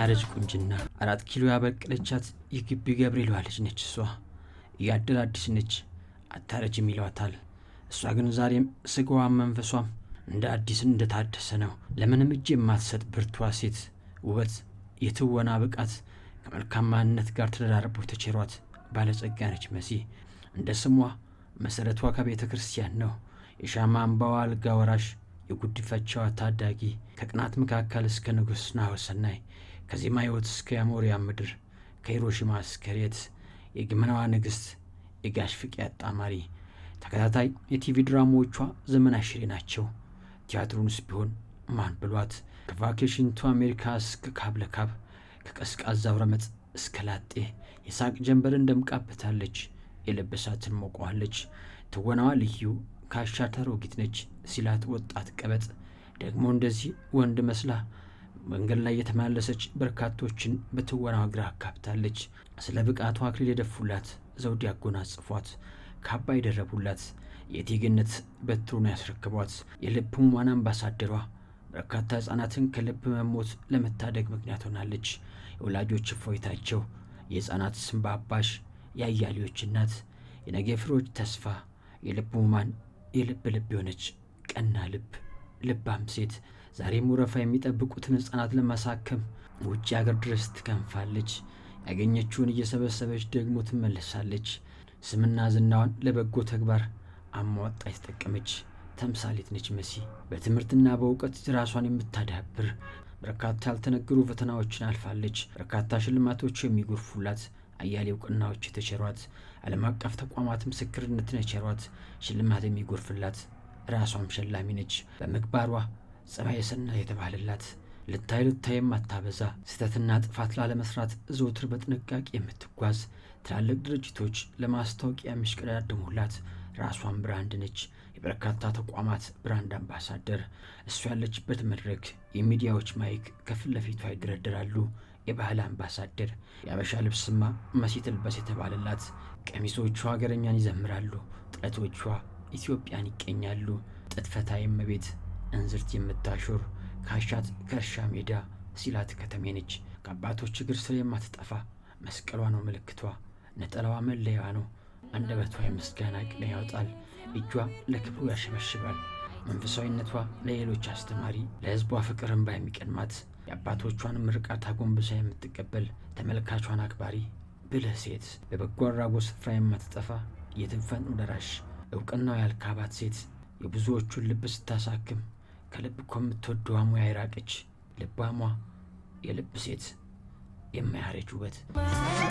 ያለች ቁንጅና አራት ኪሎ ያበቀለቻት የግቢ ገብርኤል ልጅ ነች። እሷ እያደር አዲስ ነች፣ አታረጅም ይሏታል። እሷ ግን ዛሬም ስጋዋም መንፈሷም እንደ አዲስ እንደታደሰ ነው። ለምንም እጅ የማትሰጥ ብርቷ ሴት ውበት፣ የትወና ብቃት ከመልካም ማንነት ጋር ተደራርቦ ተቸሯት ባለጸጋ ነች መሲ። እንደ ስሟ መሰረቷ ከቤተ ክርስቲያን ነው። የሻማ አምባዋ አልጋ ወራሽ፣ የጉድፈቻዋ ታዳጊ፣ ከቅናት መካከል እስከ ንጉሥ ናሁሰናይ ከዜማዮት እስከ አሞሪያ ምድር ከሂሮሽማ እስከ ሬት የግመናዋ ንግሥት የጋሽ ፍቄ አጣማሪ ተከታታይ የቲቪ ድራማዎቿ ዘመን አሽሬ ናቸው። ቲያትሩንስ ቢሆን ማን ብሏት። ቱ አሜሪካ እስከ ለካብ ከቀዝቃዛው ረመጥ እስከ ላጤ የሳቅ ጀንበርን ደምቃበታለች። የለበሳትን ሞቋለች። ትወናዋ ልዩ ከአሻተር ወጊት ነች ሲላት ወጣት ቀበጥ ደግሞ እንደዚህ ወንድ መስላ መንገድ ላይ የተመላለሰች በርካቶችን በትወና ግራ አካብታለች። ስለ ብቃቷ አክሊል የደፉላት ዘውድ ያጎናጽፏት፣ ካባ የደረቡላት፣ የቴግነት በትሩን ያስረክቧት፣ የልብ ሕሙማን አምባሳደሯ በርካታ ሕፃናትን ከልብ መሞት ለመታደግ ምክንያት ሆናለች። የወላጆች እፎይታቸው፣ የሕፃናት ስንባ አባሽ፣ የአያሌዎች እናት፣ የነገ ፍሬዎች ተስፋ፣ የልብ ሕሙማን የልብ ልብ የሆነች ቀና ልብ ልባም ሴት ዛሬም ወረፋ የሚጠብቁትን ህፃናት ለማሳከም ውጭ አገር ድረስ ትከንፋለች። ያገኘችውን እየሰበሰበች ደግሞ ትመለሳለች። ስምና ዝናዋን ለበጎ ተግባር አሟጣ የተጠቀመች ተምሳሌት ነች መሲ። በትምህርትና በእውቀት ራሷን የምታዳብር በርካታ ያልተነገሩ ፈተናዎችን አልፋለች። በርካታ ሽልማቶች የሚጎርፉላት፣ አያሌ እውቅናዎች የተቸሯት፣ ዓለም አቀፍ ተቋማት ምስክርነትን የቸሯት፣ ሽልማት የሚጎርፍላት ራሷም ሸላሚ ነች። በምግባሯ ጸባይ ስና የተባለላት ልታይ ልታይ የማታበዛ ስህተትና ጥፋት ላለመስራት ዘውትር በጥንቃቄ የምትጓዝ ትላልቅ ድርጅቶች ለማስታወቂያ የሚሽቀዳደሙላት ራሷን ብራንድ ነች። የበርካታ ተቋማት ብራንድ አምባሳደር፣ እሱ ያለችበት መድረክ የሚዲያዎች ማይክ ከፊት ለፊቷ ይደረደራሉ። የባህል አምባሳደር የአበሻ ልብስማ መሲትልበስ የተባለላት ቀሚሶቿ ሀገረኛን ይዘምራሉ። ጥለቶቿ ኢትዮጵያን ይገኛሉ። ጥጥ ፈታይ እንዝርት የምታሾር ካሻት ከእርሻ ሜዳ ሲላት ከተሜ ነች። ከአባቶች እግር ስር የማትጠፋ መስቀሏ ነው ምልክቷ፣ ነጠላዋ መለያዋ ነው። አንደበቷ የምስጋና ቅኔ ያወጣል፣ እጇ ለክብሩ ያሸበሽባል። መንፈሳዊነቷ ለሌሎች አስተማሪ፣ ለህዝቧ ፍቅር እንባ የሚቀድማት የአባቶቿን ምርቃት አጎንብሳ የምትቀበል ተመልካቿን አክባሪ ብልህ ሴት፣ በበጎ አድራጎት ስፍራ የማትጠፋ የትንፈን ደራሽ እውቅናው ያልካባት ሴት የብዙዎቹን ልብ ስታሳክም ከልብ ከምትወደዋ ሙያ የራቀች ልባሟ የልብ ሴት የማያረጅ ውበት